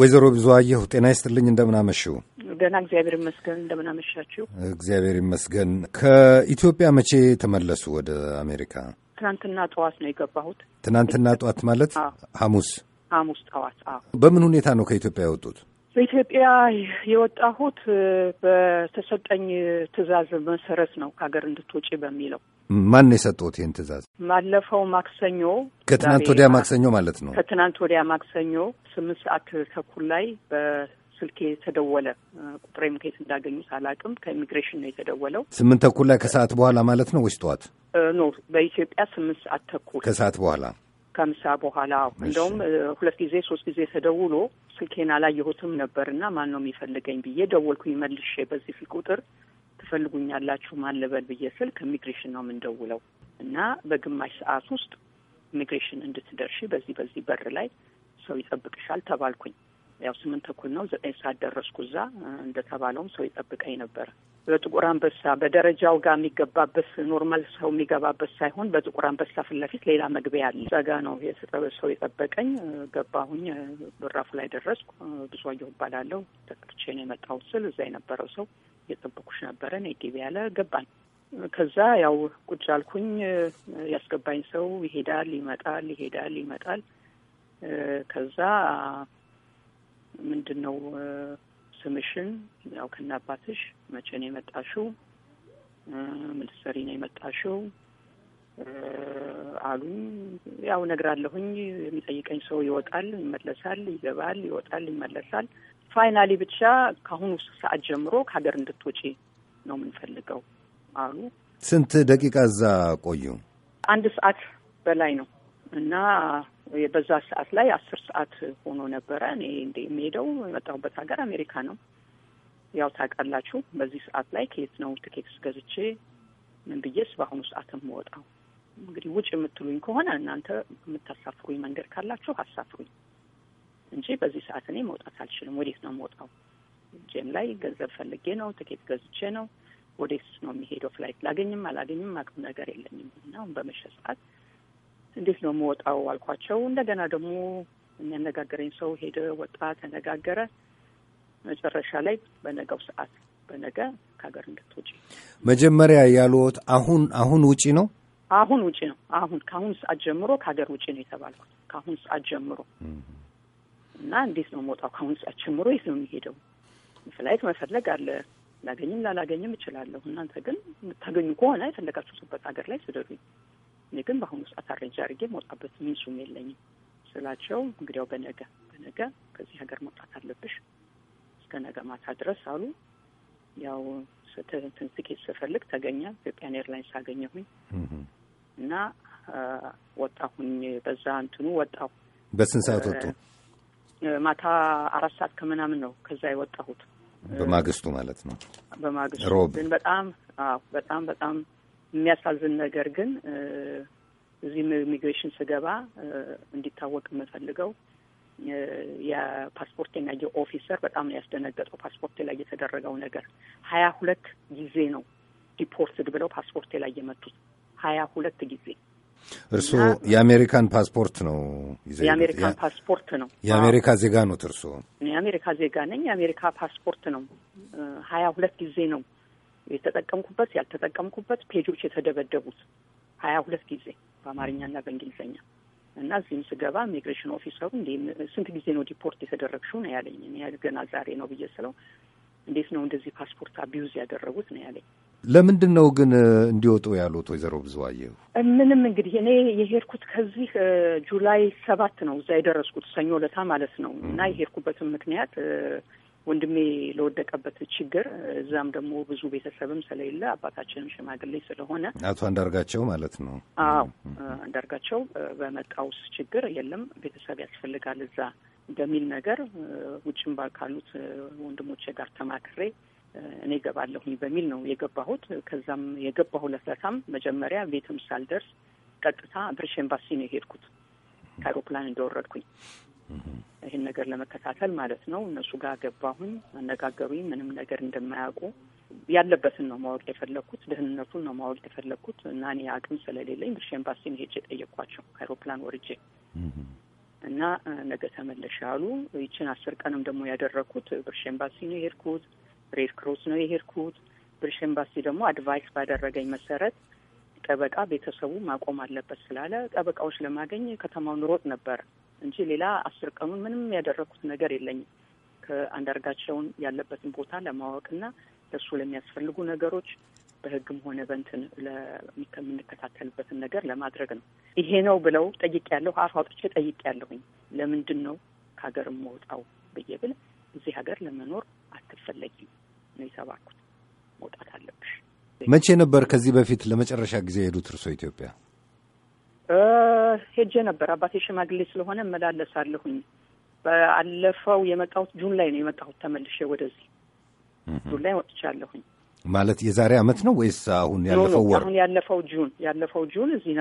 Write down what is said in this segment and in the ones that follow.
ወይዘሮ ብዙአየሁ ጤና ይስጥልኝ። እንደምናመሹ ደህና፣ እግዚአብሔር ይመስገን። እንደምናመሻችሁ እግዚአብሔር ይመስገን። ከኢትዮጵያ መቼ ተመለሱ ወደ አሜሪካ? ትናንትና ጠዋት ነው የገባሁት። ትናንትና ጠዋት ማለት ሐሙስ ሐሙስ ጠዋት። በምን ሁኔታ ነው ከኢትዮጵያ የወጡት? በኢትዮጵያ የወጣሁት በተሰጠኝ ትዕዛዝ መሰረት ነው ከሀገር እንድትወጪ በሚለው። ማን የሰጡት ይህን ትዕዛዝ? ባለፈው ማክሰኞ፣ ከትናንት ወዲያ ማክሰኞ ማለት ነው። ከትናንት ወዲያ ማክሰኞ ስምንት ሰዓት ተኩል ላይ በስልክ የተደወለ ቁጥሬም ከየት እንዳገኙት አላውቅም። ከኢሚግሬሽን ነው የተደወለው። ስምንት ተኩል ላይ ከሰዓት በኋላ ማለት ነው ወይስ ጠዋት? ኖ በኢትዮጵያ ስምንት ሰዓት ተኩል ከሰዓት በኋላ ከምሳ በኋላ እንደውም ሁለት ጊዜ ሶስት ጊዜ ተደውሎ ስልኬን አላየሁትም ነበር እና ማን ነው የሚፈልገኝ ብዬ ደወልኩኝ መልሼ። በዚህ ፊ ቁጥር ትፈልጉኛላችሁ ማን ልበል ብዬ ስል ከኢሚግሬሽን ነው የምንደውለው እና በግማሽ ሰዓት ውስጥ ኢሚግሬሽን እንድትደርሺ በዚህ በዚህ በር ላይ ሰው ይጠብቅሻል ተባልኩኝ። ያው ስምንት ተኩል ነው ዘጠኝ ሰዓት ደረስኩ እዛ። እንደተባለውም ሰው ይጠብቀኝ ነበር። በጥቁር አንበሳ በደረጃው ጋር የሚገባበት ኖርማል ሰው የሚገባበት ሳይሆን በጥቁር አንበሳ ፊት ለፊት ሌላ መግቢያ አለ። እዛ ጋ ነው ሰው የጠበቀኝ። ገባሁኝ፣ በራፉ ላይ ደረስኩ። ብዙ አየሁ እባላለሁ። ተቀርቼ ነው የመጣሁት ስል እዛ የነበረው ሰው እየጠበኩሽ ነበረ ነ ጊቢ ያለ ገባኝ። ከዛ ያው ቁጭ አልኩኝ። ያስገባኝ ሰው ይሄዳል ይመጣል፣ ይሄዳል ይመጣል። ከዛ ምንድን ነው ስምሽን? ያው ከነ አባትሽ መቼ ነው የመጣሽው? ምን ትሰሪ ነው የመጣሽው? አሉ። ያው እነግራለሁኝ። የሚጠይቀኝ ሰው ይወጣል፣ ይመለሳል፣ ይገባል፣ ይወጣል፣ ይመለሳል። ፋይናሊ ብቻ ከአሁኑ ሰዓት ጀምሮ ከሀገር እንድትወጪ ነው የምንፈልገው አሉ። ስንት ደቂቃ እዛ ቆዩ? አንድ ሰዓት በላይ ነው እና በዛ ሰዓት ላይ አስር ሰዓት ሆኖ ነበረ። እኔ እንደ የሚሄደው የመጣሁበት ሀገር አሜሪካ ነው። ያው ታውቃላችሁ፣ በዚህ ሰዓት ላይ ከየት ነው ትኬትስ ገዝቼ ምን ብዬስ በአሁኑ ሰዓትም ወጣው። እንግዲህ ውጭ የምትሉኝ ከሆነ እናንተ የምታሳፍሩኝ መንገድ ካላችሁ አሳፍሩኝ እንጂ በዚህ ሰዓት እኔ መውጣት አልችልም። ወዴት ነው መውጣው? ጄም ላይ ገንዘብ ፈልጌ ነው ትኬት ገዝቼ ነው። ወዴት ነው የሚሄደው? ፍላይት ላገኝም አላገኝም አቅም ነገር የለኝም እና አሁን በመሸ ሰዓት እንዴት ነው የምወጣው አልኳቸው። እንደገና ደግሞ የሚያነጋገረኝ ሰው ሄደ፣ ወጣ፣ ተነጋገረ። መጨረሻ ላይ በነገው ሰዓት በነገ ከሀገር እንድትውጪ መጀመሪያ ያሉት አሁን አሁን ውጪ ነው አሁን ውጪ ነው አሁን ከአሁን ሰዓት ጀምሮ ከሀገር ውጪ ነው የተባልኩት ከአሁን ሰዓት ጀምሮ እና እንዴት ነው መውጣው? ከአሁን ሰዓት ጀምሮ የት ነው የሚሄደው? ፍላይት መፈለግ አለ። ላገኝም ላላገኝም እችላለሁ። እናንተ ግን የምታገኙ ከሆነ የፈለጋችሁበት ሀገር ላይ ስደዱኝ። እኔ ግን በአሁኑ ሰዓት አሬንጅ አድርጌ መውጣበት ሚንሱም የለኝም ስላቸው እንግዲያው በነገ በነገ ከዚህ ሀገር መውጣት አለብሽ እስከ ነገ ማታ ድረስ አሉ። ያው እንትን ትኬት ስፈልግ ተገኘ። ኢትዮጵያን ኤርላይንስ አገኘሁኝ እና ወጣሁኝ። በዛ እንትኑ ወጣሁ። በስንት ሰዓት ወጡ? ማታ አራት ሰዓት ከምናምን ነው ከዛ የወጣሁት። በማግስቱ ማለት ነው። በማግስቱ ግን በጣም በጣም በጣም የሚያሳዝን ነገር ግን እዚህ ኢሚግሬሽን ስገባ እንዲታወቅ የምፈልገው የፓስፖርቴን ያየ ኦፊሰር በጣም ነው ያስደነገጠው። ፓስፖርቴ ላይ የተደረገው ነገር ሀያ ሁለት ጊዜ ነው ዲፖርትድ ብለው ፓስፖርቴ ላይ የመጡት ሀያ ሁለት ጊዜ። እርስዎ የአሜሪካን ፓስፖርት ነው ይዘው? የአሜሪካን ፓስፖርት ነው። የአሜሪካ ዜጋ ኖት እርስዎ? የአሜሪካ ዜጋ ነኝ። የአሜሪካ ፓስፖርት ነው። ሀያ ሁለት ጊዜ ነው የተጠቀምኩበት ያልተጠቀምኩበት ፔጆች የተደበደቡት ሀያ ሁለት ጊዜ በአማርኛና በእንግሊዝኛ እና እዚህም ስገባ ኢሚግሬሽን ኦፊሰሩ እንደ ስንት ጊዜ ነው ዲፖርት የተደረግሽው ነው ያለኝ። ገና ዛሬ ነው ብዬ ስለው እንዴት ነው እንደዚህ ፓስፖርት አቢዩዝ ያደረጉት ነው ያለኝ። ለምንድን ነው ግን እንዲወጡ ያሉት ወይዘሮ ብዙ አየሁ? ምንም እንግዲህ እኔ የሄድኩት ከዚህ ጁላይ ሰባት ነው እዛ የደረስኩት ሰኞ ለታ ማለት ነው እና የሄድኩበትም ምክንያት ወንድሜ ለወደቀበት ችግር እዛም ደግሞ ብዙ ቤተሰብም ስለሌለ አባታችንም ሽማግሌ ስለሆነ አቶ አንዳርጋቸው ማለት ነው። አዎ አንዳርጋቸው በመጣውስ ችግር የለም ቤተሰብ ያስፈልጋል እዛ በሚል ነገር ውጭም ካሉት ወንድሞቼ ጋር ተማክሬ እኔ እገባለሁኝ በሚል ነው የገባሁት። ከዛም የገባሁ ለፍለታም መጀመሪያ ቤትም ሳልደርስ ቀጥታ ብርሽ ኤምባሲ ነው የሄድኩት ከአይሮፕላን እንደወረድኩኝ ይህን ነገር ለመከታተል ማለት ነው። እነሱ ጋር ገባሁኝ፣ አነጋገሩኝ። ምንም ነገር እንደማያውቁ ያለበትን ነው ማወቅ የፈለግኩት፣ ደህንነቱን ነው ማወቅ የፈለግኩት እና እኔ አቅም ስለሌለኝ ብርሽ ኤምባሲን ሄጄ ጠየኳቸው ከአይሮፕላን ወርጄ እና ነገ ተመለሽ አሉ። ይችን አስር ቀንም ደግሞ ያደረግኩት ብርሽ ኤምባሲ ነው የሄድኩት፣ ሬድ ክሮስ ነው የሄድኩት። ብርሽ ኤምባሲ ደግሞ አድቫይስ ባደረገኝ መሰረት ጠበቃ ቤተሰቡ ማቆም አለበት ስላለ ጠበቃዎች ለማገኝ ከተማውን ሮጥ ነበር። እንጂ ሌላ አስር ቀኑን ምንም ያደረግኩት ነገር የለኝም። ከአንዳርጋቸውን ያለበትን ቦታ ለማወቅና ለእሱ ለሚያስፈልጉ ነገሮች በህግም ሆነ በንትን ለምንከታተልበትን ነገር ለማድረግ ነው። ይሄ ነው ብለው ያለሁ አፍ አውጥቼ ያለሁኝ ለምንድን ነው ከሀገር መውጣው ብዬ ብል እዚህ ሀገር ለመኖር አትፈለጊም ነው የተባልኩት። መውጣት አለብሽ። መቼ ነበር ከዚህ በፊት ለመጨረሻ ጊዜ የሄዱት እርሶ ኢትዮጵያ? ሄጄ ነበር። አባቴ ሽማግሌ ስለሆነ እመላለሳለሁኝ። በአለፈው የመጣሁት ጁን ላይ ነው የመጣሁት ተመልሼ ወደዚህ። ጁን ላይ ወጥቻለሁኝ። ማለት የዛሬ አመት ነው ወይስ አሁን ያለፈው ወር? አሁን ያለፈው ጁን ያለፈው ጁን እዚህ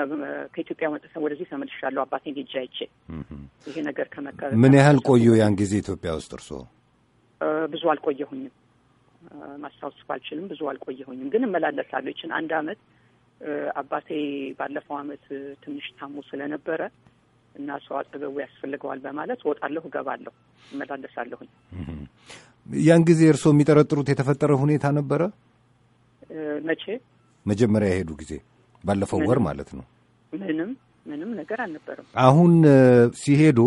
ከኢትዮጵያ መጥተን ወደዚህ ተመልሻለሁ። አባቴን ሄጄ አይቼ ይሄ ነገር ከመከ ምን ያህል ቆዩ ያን ጊዜ ኢትዮጵያ ውስጥ እርስዎ? ብዙ አልቆየሁኝም። ማስታወስ ባልችልም ብዙ አልቆየሁኝም፣ ግን እመላለሳለሁ። ይችን አንድ አመት አባቴ ባለፈው አመት ትንሽ ታሞ ስለነበረ እና ሰው አጠገቡ ያስፈልገዋል በማለት ወጣለሁ፣ እገባለሁ፣ እመላለሳለሁኝ። ያን ጊዜ እርስዎ የሚጠረጥሩት የተፈጠረ ሁኔታ ነበረ? መቼ መጀመሪያ የሄዱ ጊዜ ባለፈው ወር ማለት ነው። ምንም ምንም ነገር አልነበረም። አሁን ሲሄዱ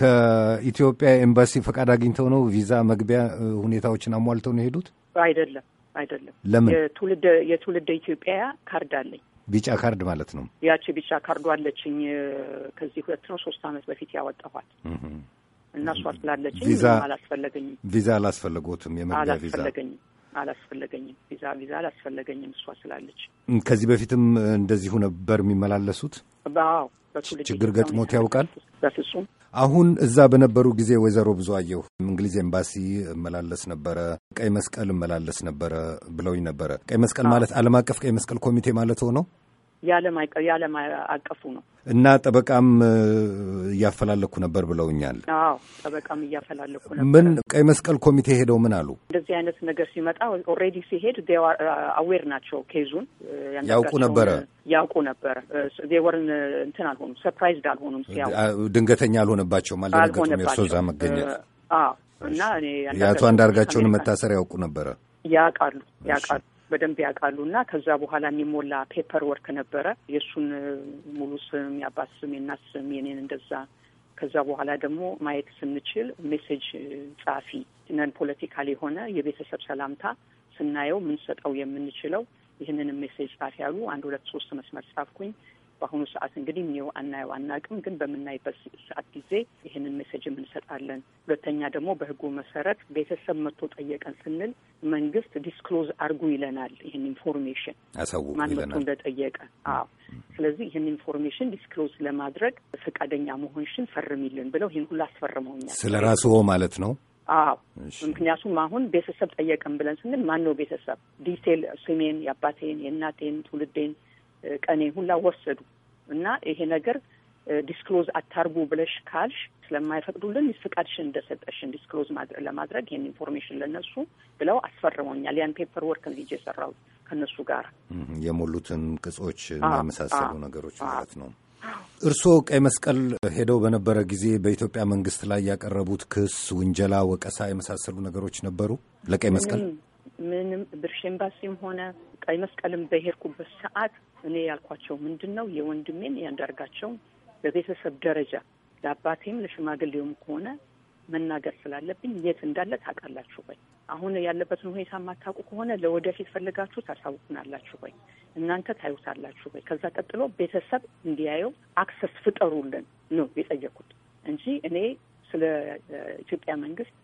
ከኢትዮጵያ ኤምባሲ ፈቃድ አግኝተው ነው ቪዛ መግቢያ ሁኔታዎችን አሟልተው ነው የሄዱት? አይደለም አይደለም። ለምን የትውልደ የትውልደ ኢትዮጵያ ካርድ አለኝ ቢጫ ካርድ ማለት ነው። ያቺ ቢጫ ካርዱ አለችኝ ከዚህ ሁለት ነው ሶስት አመት በፊት ያወጣኋት እና እሷ ስላለችኝ አላስፈለገኝም። ቪዛ አላስፈለጎትም። የመግቢያ ቪዛ አላስፈለገኝም አላስፈለገኝም ቪዛ ቪዛ አላስፈለገኝም። እሷ ስላለች ከዚህ በፊትም እንደዚሁ ነበር የሚመላለሱት። ችግር ገጥሞት ያውቃል። በፍጹም አሁን እዛ በነበሩ ጊዜ ወይዘሮ ብዙ አየሁ እንግሊዝ ኤምባሲ እመላለስ ነበረ፣ ቀይ መስቀል እመላለስ ነበረ ብለውኝ ነበረ። ቀይ መስቀል ማለት ዓለም አቀፍ ቀይ መስቀል ኮሚቴ ማለት ሆነው የዓለም አቀፉ ነው እና ጠበቃም እያፈላለኩ ነበር ብለውኛል። አዎ ጠበቃም እያፈላለኩ ነበር። ምን ቀይ መስቀል ኮሚቴ ሄደው ምን አሉ? እንደዚህ አይነት ነገር ሲመጣ ኦልሬዲ ሲሄድ አዌር ናቸው። ኬዙን ያውቁ ነበረ ያውቁ ነበረ። ዜወርን እንትን አልሆኑም፣ ሰርፕራይዝድ አልሆኑም። ሲያው ድንገተኛ አልሆነባቸው አልደነገጡም። የእርሶ እዛ መገኘት እና የአቶ አንዳርጋቸውን መታሰር ያውቁ ነበረ። ያውቃሉ ያውቃሉ በደንብ ያውቃሉ እና ከዛ በኋላ የሚሞላ ፔፐር ወርክ ነበረ። የእሱን ሙሉ ስም፣ የአባት ስም፣ የእናት ስም፣ የኔን እንደዛ። ከዛ በኋላ ደግሞ ማየት ስንችል ሜሴጅ ጻፊ ነን ፖለቲካል የሆነ የቤተሰብ ሰላምታ ስናየው ምንሰጠው የምንችለው ይህንንም ሜሴጅ ጻፊ ያሉ አንድ ሁለት ሶስት መስመር ጻፍኩኝ። በአሁኑ ሰዓት እንግዲህ እኔው አናየው አናቅም፣ ግን በምናይበት ሰዓት ጊዜ ይህንን ሜሴጅም እንሰጣለን። ሁለተኛ ደግሞ በህጉ መሰረት ቤተሰብ መጥቶ ጠየቀን ስንል መንግስት ዲስክሎዝ አርጉ ይለናል። ይህን ኢንፎርሜሽን ማን መጥቶ እንደጠየቀ። አዎ። ስለዚህ ይህን ኢንፎርሜሽን ዲስክሎዝ ለማድረግ ፈቃደኛ መሆንሽን ፈርሚልን ብለው ይህን ሁሉ አስፈርመውኛል። ስለ ራስዎ ማለት ነው? አዎ። ምክንያቱም አሁን ቤተሰብ ጠየቀን ብለን ስንል ማን ነው ቤተሰብ? ዲቴል ስሜን፣ የአባቴን፣ የእናቴን፣ ትውልዴን ቀኔ ሁላ ወሰዱ እና ይሄ ነገር ዲስክሎዝ አታርጉ ብለሽ ካልሽ ስለማይፈቅዱልን ፍቃድሽን እንደሰጠሽን ዲስክሎዝ ለማድረግ ይህን ኢንፎርሜሽን ለነሱ ብለው አስፈርመኛል። ያን ፔፐር ወርክ ሄጄ የሰራሁት ከነሱ ጋር የሞሉትን ቅጾች እና የመሳሰሉ ነገሮች ማለት ነው። እርስዎ ቀይ መስቀል ሄደው በነበረ ጊዜ በኢትዮጵያ መንግስት ላይ ያቀረቡት ክስ፣ ውንጀላ፣ ወቀሳ የመሳሰሉ ነገሮች ነበሩ ለቀይ መስቀል? ምንም ብርሽ ኤምባሲም ሆነ ቀይ መስቀልም በሄድኩበት ሰዓት እኔ ያልኳቸው ምንድን ነው የወንድሜን ያንዳርጋቸው በቤተሰብ ደረጃ ለአባቴም ለሽማግሌውም ከሆነ መናገር ስላለብኝ የት እንዳለ ታውቃላችሁ ወይ? አሁን ያለበትን ሁኔታ የማታውቁ ከሆነ ለወደፊት ፈልጋችሁ ታሳውቁናላችሁ ወይ? እናንተ ታዩታላችሁ ወይ? ከዛ ቀጥሎ ቤተሰብ እንዲያየው አክሰስ ፍጠሩልን ነው የጠየኩት እንጂ እኔ ስለ ኢትዮጵያ መንግስት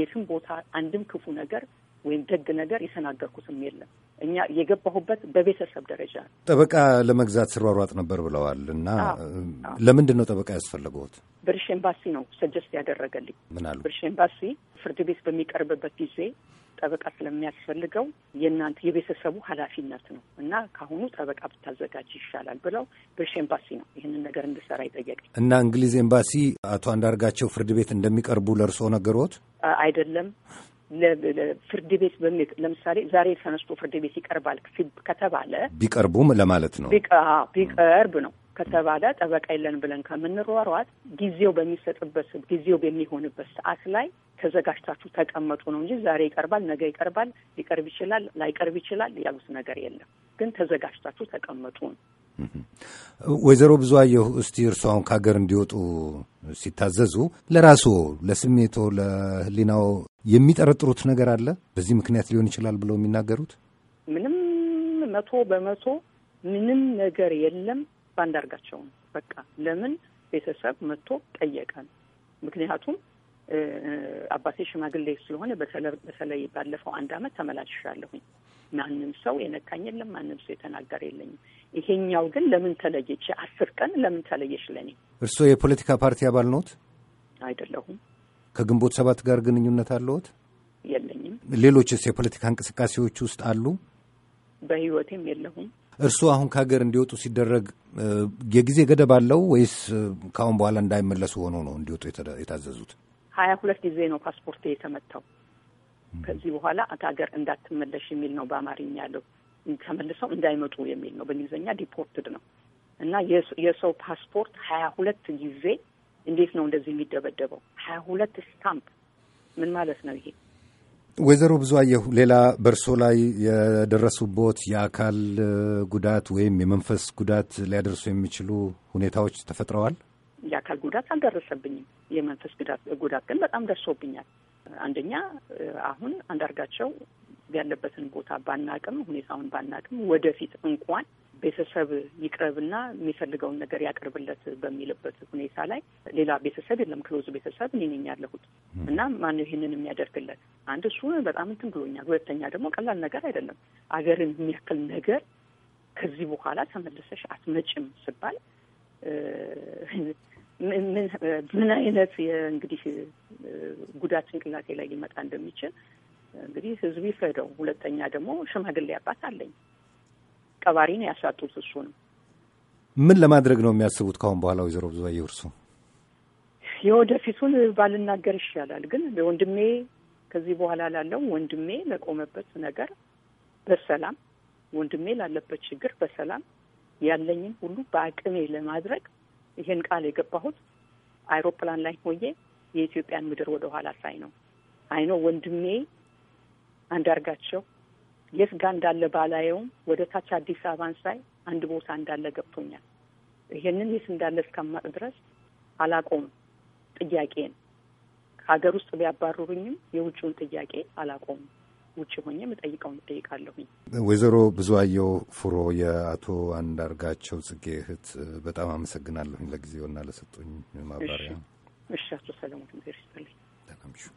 የትም ቦታ አንድም ክፉ ነገር ወይም ደግ ነገር የተናገርኩትም የለም። እኛ የገባሁበት በቤተሰብ ደረጃ ነው። ጠበቃ ለመግዛት ስሯሯጥ ነበር ብለዋል እና ለምንድን ነው ጠበቃ ያስፈለገዎት ብርሽ ኤምባሲ ነው ሰጀስት ያደረገልኝ። ምን አሉ? ብርሽ ኤምባሲ ፍርድ ቤት በሚቀርብበት ጊዜ ጠበቃ ስለሚያስፈልገው የእናንተ የቤተሰቡ ኃላፊነት ነው እና ከአሁኑ ጠበቃ ብታዘጋጅ ይሻላል ብለው ብርሽ ኤምባሲ ነው ይህንን ነገር እንድሰራ ይጠየቅ እና እንግሊዝ ኤምባሲ አቶ አንዳርጋቸው ፍርድ ቤት እንደሚቀርቡ ለእርስዎ ነገሮት አይደለም ፍርድ ቤት በሚ ለምሳሌ ዛሬ ተነስቶ ፍርድ ቤት ይቀርባል ከተባለ ቢቀርቡም ለማለት ነው ቢቀርብ ነው ከተባለ ጠበቃ የለን ብለን ከምንሯሯጥ ጊዜው በሚሰጥበት ጊዜው በሚሆንበት ሰዓት ላይ ተዘጋጅታችሁ ተቀመጡ ነው እንጂ ዛሬ ይቀርባል፣ ነገ ይቀርባል፣ ሊቀርብ ይችላል፣ ላይቀርብ ይችላል ያሉት ነገር የለም። ግን ተዘጋጅታችሁ ተቀመጡ ነው። ወይዘሮ አየሁ እስቲ እርስዎ አሁን ከሀገር እንዲወጡ ሲታዘዙ ለራሱ ለስሜቶ ለህሊናው የሚጠረጥሩት ነገር አለ? በዚህ ምክንያት ሊሆን ይችላል ብለው የሚናገሩት ምንም መቶ በመቶ ምንም ነገር የለም። በአንዳርጋቸው በቃ ለምን ቤተሰብ መጥቶ ጠየቀን? ምክንያቱም አባቴ ሽማግሌ ስለሆነ በተለይ ባለፈው አንድ አመት ተመላልሻለሁኝ። ማንም ሰው የነካኝ የለም። ማንም ሰው የተናገረ የለኝም። ይሄኛው ግን ለምን ተለየች? አስር ቀን ለምን ተለየች? ለኔ እርስዎ የፖለቲካ ፓርቲ አባል ነዎት? አይደለሁም። ከግንቦት ሰባት ጋር ግንኙነት አለዎት? የለኝም። ሌሎችስ የፖለቲካ እንቅስቃሴዎች ውስጥ አሉ? በህይወቴም የለሁም። እርስዎ አሁን ከሀገር እንዲወጡ ሲደረግ የጊዜ ገደብ አለው ወይስ ከአሁን በኋላ እንዳይመለሱ ሆኖ ነው እንዲወጡ የታዘዙት? ሀያ ሁለት ጊዜ ነው ፓስፖርት የተመታው። ከዚህ በኋላ ሀገር እንዳትመለሽ የሚል ነው በአማርኛ ያለው። ተመልሰው እንዳይመጡ የሚል ነው በእንግሊዝኛ ዲፖርትድ ነው። እና የሰው ፓስፖርት ሀያ ሁለት ጊዜ እንዴት ነው እንደዚህ የሚደበደበው? ሀያ ሁለት ስታምፕ ምን ማለት ነው ይሄ? ወይዘሮ ብዙ አየሁ ሌላ በእርሶ ላይ የደረሱቦት የአካል ጉዳት ወይም የመንፈስ ጉዳት ሊያደርሱ የሚችሉ ሁኔታዎች ተፈጥረዋል? የአካል ጉዳት አልደረሰብኝም። የመንፈስ ጉዳት ግን በጣም ደርሶብኛል። አንደኛ አሁን አንዳርጋቸው ያለበትን ቦታ ባናቅም፣ ሁኔታውን ባናቅም ወደፊት እንኳን ቤተሰብ ይቅረብና የሚፈልገውን ነገር ያቅርብለት በሚልበት ሁኔታ ላይ ሌላ ቤተሰብ የለም። ክሎዝ ቤተሰብ እኔ ነኝ ያለሁት እና ማነው ይህንን የሚያደርግለት? አንድ እሱ በጣም እንትን ብሎኛል። ሁለተኛ ደግሞ ቀላል ነገር አይደለም። አገርን የሚያክል ነገር ከዚህ በኋላ ተመልሰሽ አትመጭም ስባል ምን አይነት እንግዲህ ጉዳት ጭንቅላቴ ላይ ሊመጣ እንደሚችል እንግዲህ ህዝቡ ይፍረደው። ሁለተኛ ደግሞ ሽማግሌ አባት አለኝ። ቀባሪ ነው ያሳጡት። እሱ ነው። ምን ለማድረግ ነው የሚያስቡት ከአሁን በኋላ ወይዘሮ ብዙአየሁ? እርሱ የወደፊቱን ባልናገር ይሻላል፣ ግን ወንድሜ ከዚህ በኋላ ላለው ወንድሜ ለቆመበት ነገር በሰላም ወንድሜ ላለበት ችግር በሰላም ያለኝን ሁሉ በአቅሜ ለማድረግ ይሄን ቃል የገባሁት አይሮፕላን ላይ ሆዬ የኢትዮጵያን ምድር ወደ ኋላ ሳይ ነው። አይኖ ወንድሜ አንዳርጋቸው የት ጋ እንዳለ ባላየውም ወደ ታች አዲስ አበባን ሳይ አንድ ቦታ እንዳለ ገብቶኛል። ይሄንን የት እንዳለ እስከማቅ ድረስ አላቆም ጥያቄን ከሀገር ውስጥ ቢያባሩሩኝም የውጭውን ጥያቄ አላቆምም። ውጭ ሆኜ የምጠይቀው እጠይቃለሁኝ። ወይዘሮ ብዙአየሁ ፍሮ የአቶ አንዳርጋቸው ጽጌ እህት በጣም አመሰግናለሁኝ ለጊዜውና ለሰጡኝ ማብራሪያ። እሺ አቶ ሰለሞን ዩኒቨርሲቲ